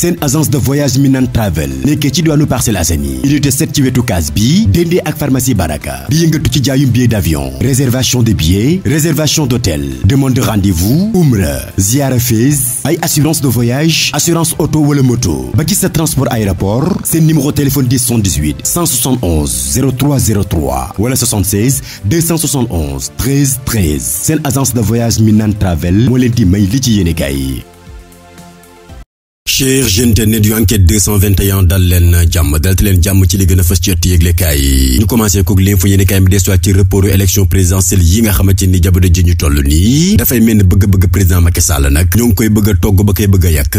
seen agence de voyage Minan Travel nekkee ci diwaanu Parcelles Assainies unité 7 ci wetu kaas bi déndee ak pharmacie Baraka bi yëngatu ci jaayum billet d'avion réservation de billets réservation d'hôtel demande de rendez-vous umra ziara Fès ay assurance de voyage assurance oto wala moto ba ci sa transport aéroport seen numéro téléphone 10 78 171 0303 wala 76 271 13 13 seen agence de voyage Minan Travel moo leen may li ci yéene kaay cher jentenet yu enquête dal leen jàmm dalate leen jàmm ci li gën a fës ci ëtt yëglekaay yi ñu commencé kook léegi fu yéeni kaay mi ci reportu élection présidentielle yi nga xamante ni jabono ji ñu toll nii dafay mel ni bëgg-bëgg président Macky Sall nag ñoo ngi koy bëgg a togg ba koy bëgg a yàq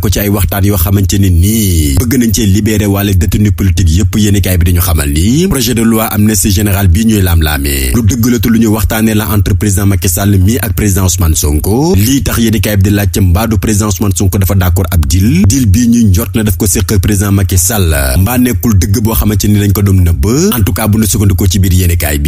ko ci ay waxtaan yoo xamante ni nii bëgg nañ cee libéré wàlle détenu politique yépp yéeni bi dañu xamal ni projet de loi amnistie générale dil dil bii ñu njot na daf ko séq président Macky Sall mbaa nekkul dëgg boo xamante ni dañ ko doon nëbb en bu ñu sukkandikoo ci biir yéenekaay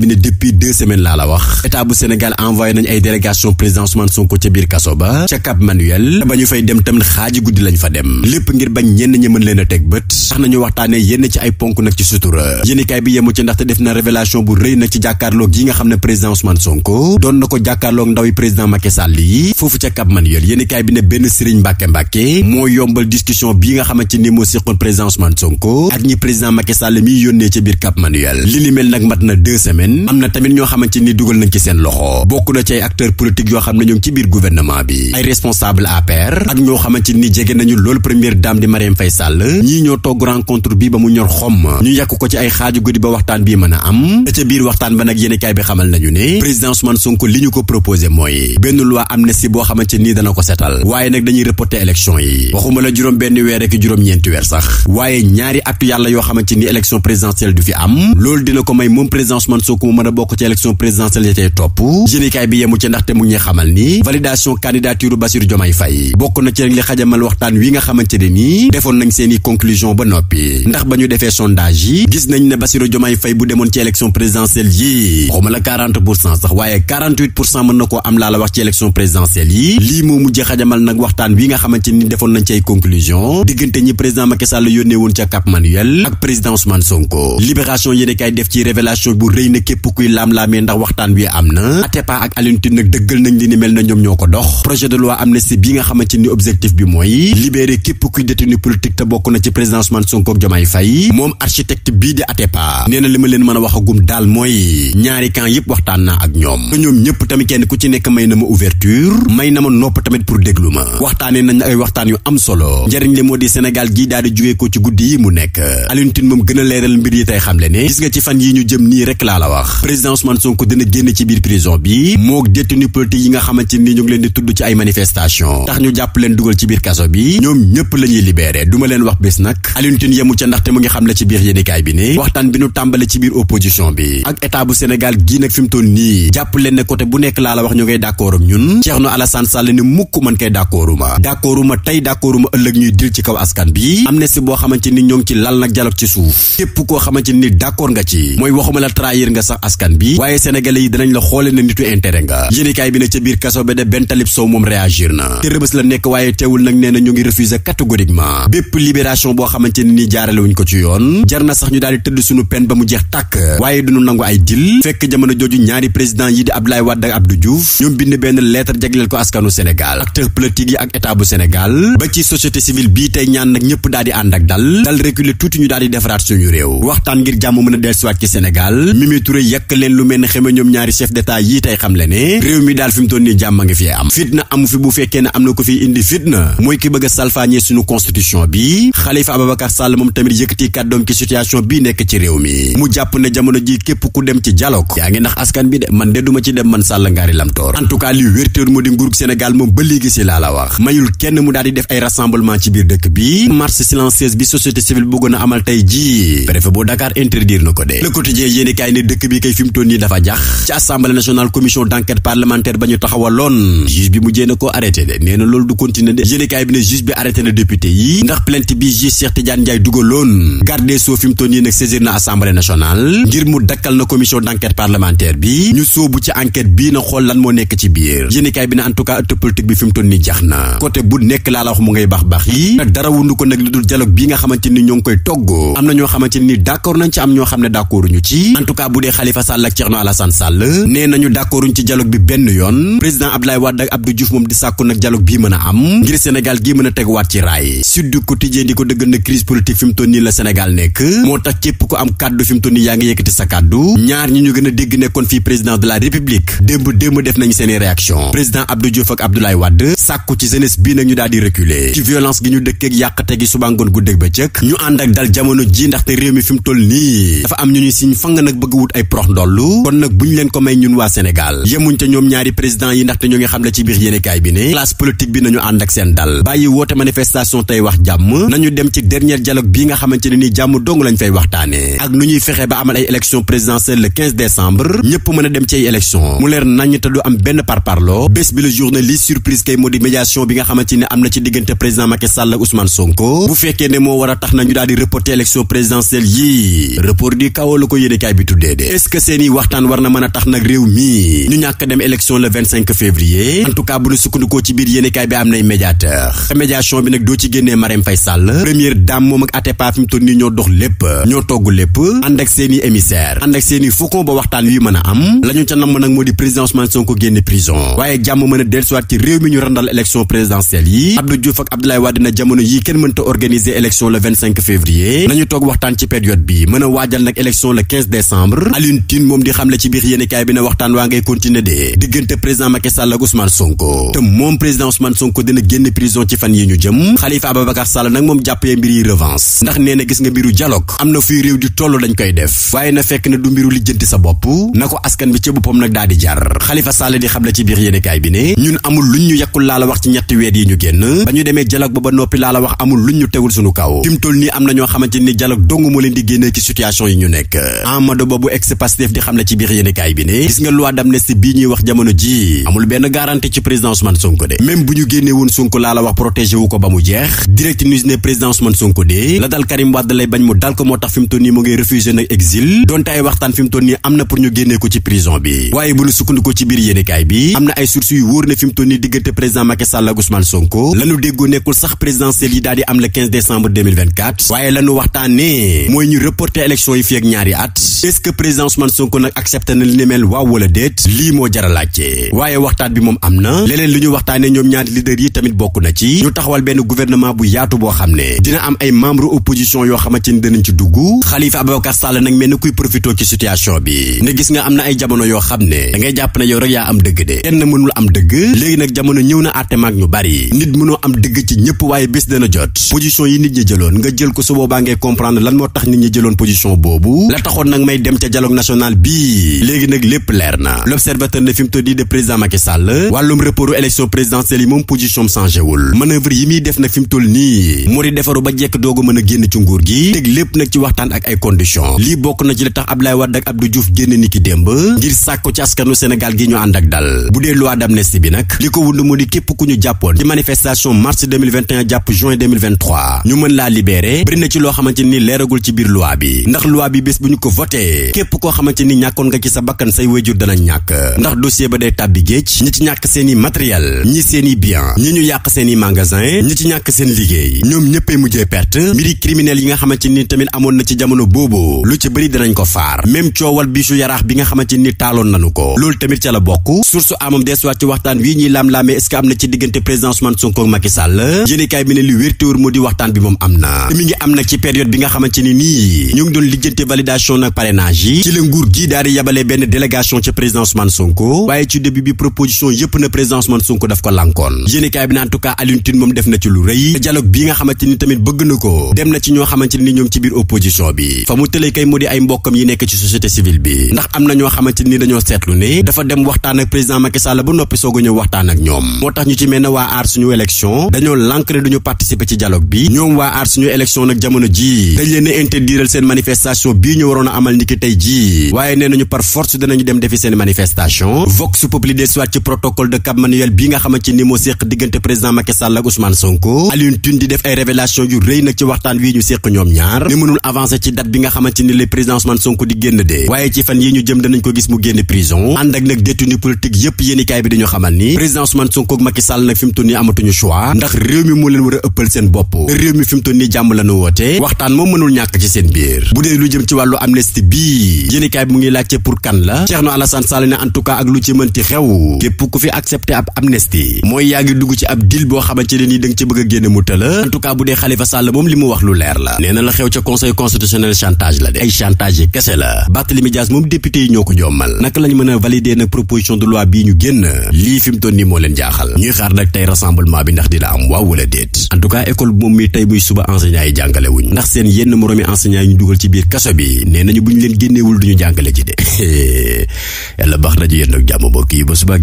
bi ne depuis deux semaines laa la wax état Sénégal envoyé nañ ay délégation président Ousmane Sonko ca biir kaso ba ca Cap Manuel ba ñu fay dem tamit xaaji guddi lañ fa dem lépp ngir bañ ñenn ñi leen a teg bët tax nañu waxtaanee yenn ci ay ponk nag ci sutura yéenekaay bi yemu ci ndaxte def na révélation bu rëy nag ci jàkkaarloog yi nga xam ne président Ousmane Sonko doon na ko jàkkaarloog ndawi président Macky Sall yi foofu ca Cap Manuel yéenekaay bi ne benn Serigne Mbacke Mbacke moo yombal discussion bi nga xamante ni moo siqoon président Ousmane Sonko ak ñi président Macky Sall mi yónnee ca biir Cap Manuel li nag mat na deux semaines am na tamit ñoo xamante ni dugal nañ ci seen loxo bokk na ci ay acteurs yoo xam ne ñoo ci biir gouvernement bi ay responsable APR ak ñoo xamante ni jege nañu loolu première dame di Marième Faye Sall mu ñor xomm ñu yàkk waxtaan bi mën a am ca biir waxtaan ba nag yéenekaay bi xamal nañu ne président Ousmane Sonko li ñu ko proposé mooy benn loi amnistie boo xamante nii dana ko setal waaye nag dañuy reporter élection yi waxuma la juróom benn weer ak juróom-ñeenti weer sax waaye ñaari atu yàlla yoo xamante ni élection présidentielle du fi am loolu dina ko may moom président Ousmane Sonko mu mën a bokk ci élection présidentielle ya tey topp yéenekaay bi yemu ci ndax ba ñu Faye bu demoon ci élection présidentielle yi moo mujj xajamal nag waxtaan wi nga xamante ni defoon nañ ci conclusion diggante ñi président Macky Sall yónnee woon ca Cap Manuel ak président Ousmane Sonko libération yéene kay def ci révélation bu rëy na képp kuy laam-laamee ndax waxtaan wi am na Atepa ak Alioune nag dëggal nañ li ni mel na ñoom ñoo ko dox projet de loi amnistie bi nga xamante ni objectif bi mooy libérer képp kuy détenu politique te li ma leen mën a wax agum daal mooy ñaari camp yëpp waxtaan naa ak ñoom te ñoom ñëpp tamit kenn ku ci nekk may na ma ouverture may na ma nopp tamit pour déglu ma nañ ay waxtaan yu am solo njëriñ li moo di Sénégal gi daal di jugee ko ci guddi yi mu nekk Alioune moom gën a leeral mbir yi tey xamle ne gis nga ci fan yi ñu jëm nii rek laa la wax président Ousmane Sonko dina génn ci biir prison bi moo détenu politique yi nga xamante ni ñu ngi leen di tudd ci ay manifestation tax ñu jàpp leen dugal ci biir kaso bi ñoom ñëpp la ñuy libéré duma leen wax bés nag Alioune Tine yemu ca ndaxte mu ngi xam la ci bi ne waxtaan bi ñu tàmbali doole ci biir opposition bi ak état bu Sénégal gii nag fi mu toll nii jàpp leen ne côté bu nekk laa la wax ñu ngay d'accordum ñun Thierno Alassane Sall ne mukk man koy d'accorduma d'accorduma tey d'accorduma ëllëg ñuy dil ci kaw askan bi amnistie boo xamante ni ñoo ngi ci lal nag dialogue ci suuf képp koo xamante ni d'accord nga ci mooy waxuma la trahir nga sax askan bi waaye sénégalais yi dinañ la xoole ne nitu intérêt nga yéenekaay bi ne ca biir kaso ba de benn talib sow moom réagir na te rëbës la nekk waaye teewul nag nee na ñu ngi refuser catégoriquement bépp libération boo xamante ni jaarale wuñ ko ci yoon jar na sax ñu daal di tëdd suñu peine ba mu jeex tàkk waaye duñu nangu ay dil fekk jamono jooju ñaari président yi di Abdoulaye Wade ak Abdou Diouf ñoom bind benn lettre jagleel ko askanu Sénégal acteur politique yi ak état bu Sénégal ba ci société civile bii tey ñaan nag ñëpp daal di ànd ak dal dal reculer tuuti ñu dal di defaraat suñu réew waxtaan ngir jàmm mën a dellusiwaat ci Sénégal Mimi Touré yàkk leen lu mel ne xeme ñoom ñaari chef d'état yi tey xam le ne réew mi daal fi mu toll nii jàmm a ngi fi am fitna amu fi bu fekkee ne am na ko fi indi fitna mooy ki bëgg a salfaañee suñu constitution bi Khalifa Ababacar Sall moom tamit yëkkati kàddoom ci situation bii nekk ci réew mi mu jàpp ne jamono ji képp ku dem ci dialogue yaa ngi nax askan bi de man de ci dem man Sàll Ngaari Lamtoor en li wértéer moo di nguurug Sénégal moom ba léegi si laa la wax mayul kenn mu daal def ay rassemblement ci biir dëkk bi marche silencieuse bi société civile bëggoon a amal tey ji préfet bu Dakar interdire na ko de le quotidien yéeni kaay ne dëkk bi kay fi mu nii dafa jax ci assemblée nationale commission d'enquête parlementaire ba nationale ngir mu dakkal na commission d'enquête parlementaire bi ñu sóobu ci enquête bii na xool lan moo nekk ci biir yéenekaay bi na en tout cas ëtt politique bi fi mu ni ñoo koy togg am na ñoo xam ne d'accorduñu ci en tout cas bu dee Khalifa Sall ak Thierno Alassane Sall nee yoon président Abdoulaye Wade ak Abdou Diouf moom di sàkku nag dialogue a am ngir Sénégal gi mën ko dëggal na crise politique fi mu toll nii la Sénégal nekk moo tax képp ko am kàddu fi xamante ni yaa ngi yëkkati sa kàddu ñaar ñi ñu gën dégg nekkoon fii président de la république démb démb def nañ seeni réaction président Abdou Diouf ak Abdoulaye sàkku ci jeunesse bii nag ñu daal ci violence gi ñu dëkkeeg yàqate gi subangoon guddéeg ba cëkk ñu ànd ak dal jamono ji ndaxte réew mi fi toll nii dafa am ñu ñuy siñ fang nag bëgg wut ay prox ndollu kon nag buñ leen ko may ñun waa Sénégal yemuñ ca ñoom ñaari président yi ndaxte ñoo ngi xam la ci biir yéenekaay bi ne fexe ba amal ay élection présidentielle le décembre ñëpp mën a dem ci ay élection mu leer nañ te du am benn parparloo bés bi la journée surprise kay moo di médiation bi nga xamante ne am na ci diggante président Macky Sall ak Sonko bu fekkee ne moo war a tax na ñu daal di reporter présidentielle yii report di kaw ko yéenekaay bi tuddee de est seeni waxtaan war na mën a tax nag réew ñoo dox lépp ñoo togg lépp ànd nañu toog waxtaan ci période bi mën a waajal nag élection le 15 décembre moom di xamle ci biir yéenekaay bi na waxtaan waa ngay continuer de diggante président Macky Sall ak Sonko te moom président Ousmane Sonko dina génn prison ci fan yi ñu jëm Khalifa Ababacar Sall nag moom jàppee mbir yi revanche ndax nee gis nga mbiru dialogue am na fuy réew di toll dañ koy def waaye na fekk na du mbiru lijjanti sa bopp na ko askan bi ca boppam nag daal jar Xalifa Sall di xam ci biir yéenekaay bi ne ñun amul luñ ñu yàkkul laa la wax ci ñetti weer yi ñu génn ba ñu demee dialogue ba ba noppi laa la wax amul luñ ñu tegul suñu kaw fi toll nii am na ñoo xamante ni dialogue dong leen di génnee ci situation yi ñu nekk Amadou Ba bu ex di xam ci biir yéenekaay bi ne gis nga loi d'amnistie bii ñuy wax jamono ji amul jeune exil donte ay waxtaan fi mu toll nii am na pour ñu génnee ko ci prison bi waaye bu ñu sukkandiku ci biir yéenekaay bi am na ay sources yu wóor ne fi mu toll nii diggante président Macky Sall ak Sonko lanu déggoo nekkul sax présidentielle yi daal di am le 15 décembre 2024 waaye lanu waxtaanee mooy ñu reporter élection yi fi ak ñaari at est que président Ousmane Sonko nag accepté na li ne mel waaw wala déet lii moo jar a laajte waaye waxtaan bi moom am na leneen li xam ne ni danañ ci dugg Sall nag mel ni kuy profitoo ci situation bi ne gis nga am na ay jamono yoo xam ne da ngay jàpp ne yow rek yaa am dëgg de kenn mënul am dëgg léegi nag jamono ñëw na àtte mag ñu bari nit mënoo am dëgg ci ñëpp waaye bés dana jot position yi nit ñi jëloon nga jël ko su boobaa ngay comprendre lan moo tax nit ñi jëloon position boobu la taxoon nag may dem ca dialogue national bii léegi nag lépp leer na l'observateur ne fi mu tëddi de président Macky Sall wàllum reportu élection présidentielle yi moom position changé wul manœuvre yi muy def nag fi mu toll nii moo di ba jekk doogu mën a ci nguur gi teg lépp nag ci waxtaan ak ay conditions Médina lii bokk na ci li tax Abdoulaye Wade ak Abdou Diouf génn ni ki démb ngir sàkku ci askanu Sénégal gi ñu ànd ak dal bu dee loi d'amnistie bi nag li ko wund mu di képp ku ñu jàppoon ci manifestation mars 2021 jàpp juin 2023 ñu mën laa libéré bëri na ci loo xamante ni leeragul ci biir loi bi ndax loi bi bés bu ñu ko voté képp koo xamante ni ñàkkoon nga ci sa bakkan say wéjur dana ñàkk ndax dossier ba day tàbbi géej ñi ci ñàkk seeni matériel ñi seeni bien ñi ñu yàq seeni magasin ñi ci ñàkk seen liggéey ñoom ñëppee mujjee perte mbiri criminel yi nga xamante ni tamit amoon na ci jamono boobu yóbbu lu ci bëri dinañ ko faar même coowal biisu yaraax bi nga xamante ni taaloon nanu ko loolu tamit ca la bokk source amam deesuwaat ci waxtaan wii ñuy laam-laamee est-ce am na ci diggante président Ousmane Sonko ak Macky Sall yéenekaay bi ne li wér te di waxtaan bi moom am na mi ngi am nag ci période bi nga xamante ni nii ñu ngi doon lijjante validation nag parrainage yi ci la nguur gi daal di benn délégation ca président Ousmane Sonko waaye ci début bi proposition yëpp na président Ousmane Sonko daf ko lànkoon yéenekaay bi ne en tout cas Alioune Tine moom def na ci lu rëy dialogue bi nga ni tamit bëgg na ko dem na ci ñoo xamante ni ñoom ci biir bi jëlee kay mu di ay mbokkam yi nekk ci société civile bi ndax am na ñoo xamante ni dañoo seetlu ne dafa dem waxtaan ak président Macky Sall ba noppi soog a ñëw waxtaan ak ñoom moo tax ñu ci mel ne waa aar suñu élection dañoo lànk ne ci dialogue bi ñoom waa aar suñu élection nag jamono ji dañ leen a interdiral seen manifestation bii ñu waroon a amal niki tey jii ci protocole bi nga xamante ni moo di def ay révélation yu rëy nag ci waxtaan wi ñu séq ñoom ñaar ne mënul ci ni le président Ousmane Sonko di génn dee waaye ci fan yi ñu jëm danañ ko gis mu génn prison ànd ak nag détenu politique yépp yéenikaay bi dañu xamal ni président Ousmane Sonko ak Macky Sall nag fi mu amatuñu choix ndax réew mi moo leen war ëppal seen bopp réew mi fi mu jàmm lanu woote waxtaan moom mënul ñàkk ci seen biir bu dee lu jëm ci wàllu amnistie bii yéenikaay bi mu ngi laajte pour kan la Thierno Alassane Sall ne en tout ak lu ci xew képp la de ay chantage kese la Barthélémy Dias moom député yi ñoo ko jommal naka lañ mën a valider nag proposition de loi bii ñu génn lii fi mu toll nii moo leen jaaxal ñuy xaar nag tey rassemblement bi ndax dina am waaw wala déet en école moom mi tey muy suba enseignant yi jàngale wuñ ndax seen yenn moroomi enseignant yi ñu dugal ci biir kaso bi nee nañu bu ñu leen génneewul duñu jàngale ci de yàlla baax na ci yéen nag jàmm mbokk yi ba suba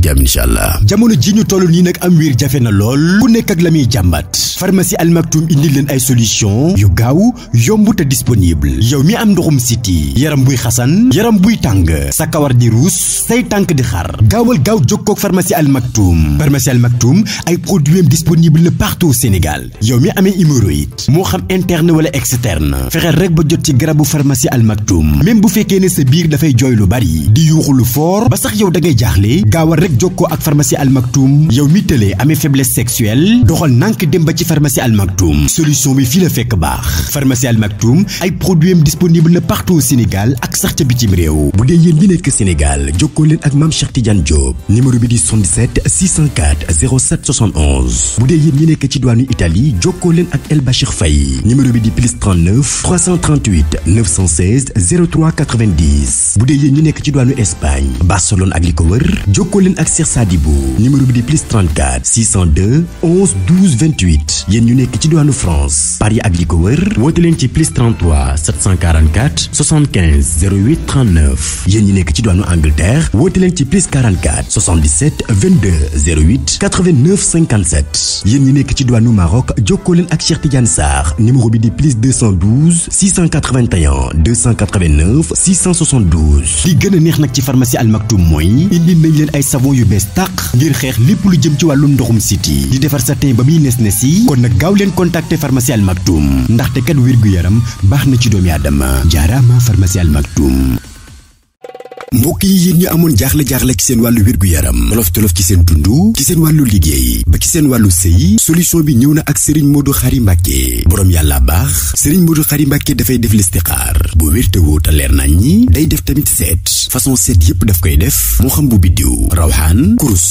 yu gaaw yomb te disponible yow mi am ndoxum siti yaram buy xasan yaram buy tàng sa kawar di ruus say tànk di xar gaawal gaaw jokkoog pharmacie Al Maktoum pharmacie Al Maktoum ay produits am disponible na partout au Sénégal yow mi amee hémorroïde moo xam interne wala externe fexeel rek ba jot ci garabu pharmacie Al Maktoum même bu fekkee ne sa biir dafay jooy lu bari di yuuxu lu foor ba sax yow da ngay jaaxle gaawal rek ko ak pharmacie Al Maktoum yow mi tëlee amee faiblesse sexuelle doxal nànk dem ba ci pharmacie Al Maktoum solution bi fii la fekk baax pharmacie Al ay produits am disponible na partout Sénégal ak sax ca bitim réew bu dee yéen ñi nekk Sénégal jokkoo leen ak Mame Cheikh Tidiane numéro bi di 77 604 07 71 bu dee yéen ñi nekk ci diwaanu Italie jokkoo leen ak El Bachir Faye numéro bi di plus bu dee yéen ñi nekk ci diwaanu Espagne Barcelone ak li leen ak Cheikh numéro bi di plus 34 602 ñu nekk ci diwaanu France Paris ak li woote leen ci plus 33 44 75 08 39 yéen ñi nekk ci diwaanu Angleterre woote leen ci plus 44 77 22 08 89 57 yéen ñi nekk ci diwaanu Maroc jokkoo leen ak Cheikh Tidiane Sarr numéro bi di plus 212 681 289 672 li gën a neex nag ci pharmacie Al Maktoum mooy indi nañ leen ay savon yu bees tàq ngir xeex lépp lu jëm ci wàllum ndoxum siti di defar sa teen ba muy nes nes yi kon nag gaaw leen contacter pharmacie Al Maktoum ndaxte kat wér gu yaram baax na ci doomi aadama Jarama Pharmacie Al Maktoum mbokk yi yéen ñu amoon jaaxle-jaaxle ci seen wàllu wér-gu-yaram tolof-tolof ci seen dund ci seen wàllu liggéey ba ci seen wàllu sëy solution bi ñëw na ak Serigne Modou Khary Mbacké boroom yàlla baax Serigne Modou Khary Mbacké dafay def listixaar bu wérte woo te leer nañ ñi day def tamit seet façon seet yépp daf koy def moo xam bu biddiw rawxaan kurus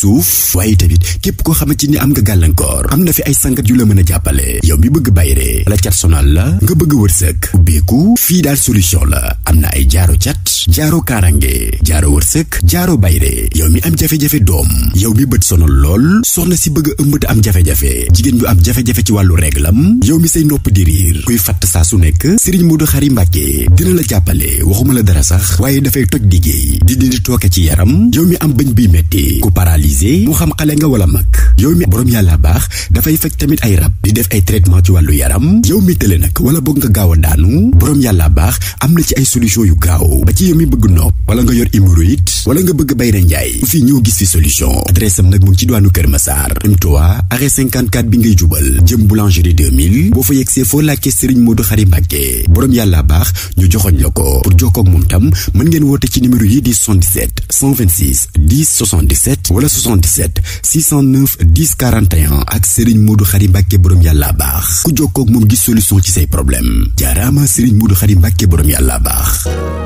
suuf waaye tamit képp koo xamante ni am nga gàllankoor am na fi ay sangat yu la mën a jàppale yow mi bëgg bayre la cat la nga bëgg wërsëg ubbeeku fii daal solution la am na ay jaaro cat jaaro kaaraange jaaro wërsëg jaaro bayre yow mi am jafe-jafe doom yow mi bët sonal lool soxna si bëgg a ëmb te am jafe-jafe jigéen bu am jafe-jafe ci wàllu réglam yow mi say nopp di riir kuy fatt saa su nekk mu Modou Khary Mbacké dina la jàppale waxuma la dara sax waaye dafay toj liggéey di dindi tooke ci yaram yow mi am bëñ biy metti ku paralysé mu xam xale nga wala mag yow mi boroom yàlla baax dafay faj tamit ay rab di def ay traitement ci wàllu yaram yow mi tële nag wala boog nga gaaw a daanu boroom yàlla baax am na ci ay solution yu bopp wala nga yor hémorroïde wala nga bëgg bayra njaay fi ñëw gis fi solution adresse am nag mu ngi ci diwaanu Kër Massar M3 arrêt 54 bi ngay jubal jëm boulangerie 2000 boo fa yegsee foo laajte Serigne Modou Khary Mbacké boroom yàlla baax ñu joxoñ la ko pour jokkoo ak moom tam mën ngeen woote ci numéro yi di 77 126 10 77 wala 77 609 10 41 ak Serigne Modou Khary Mbacké boroom yàlla baax ku jokkoo ak moom gis solution ci say problème jaaraama Serigne Modou Khary Mbacké boroom yàlla baax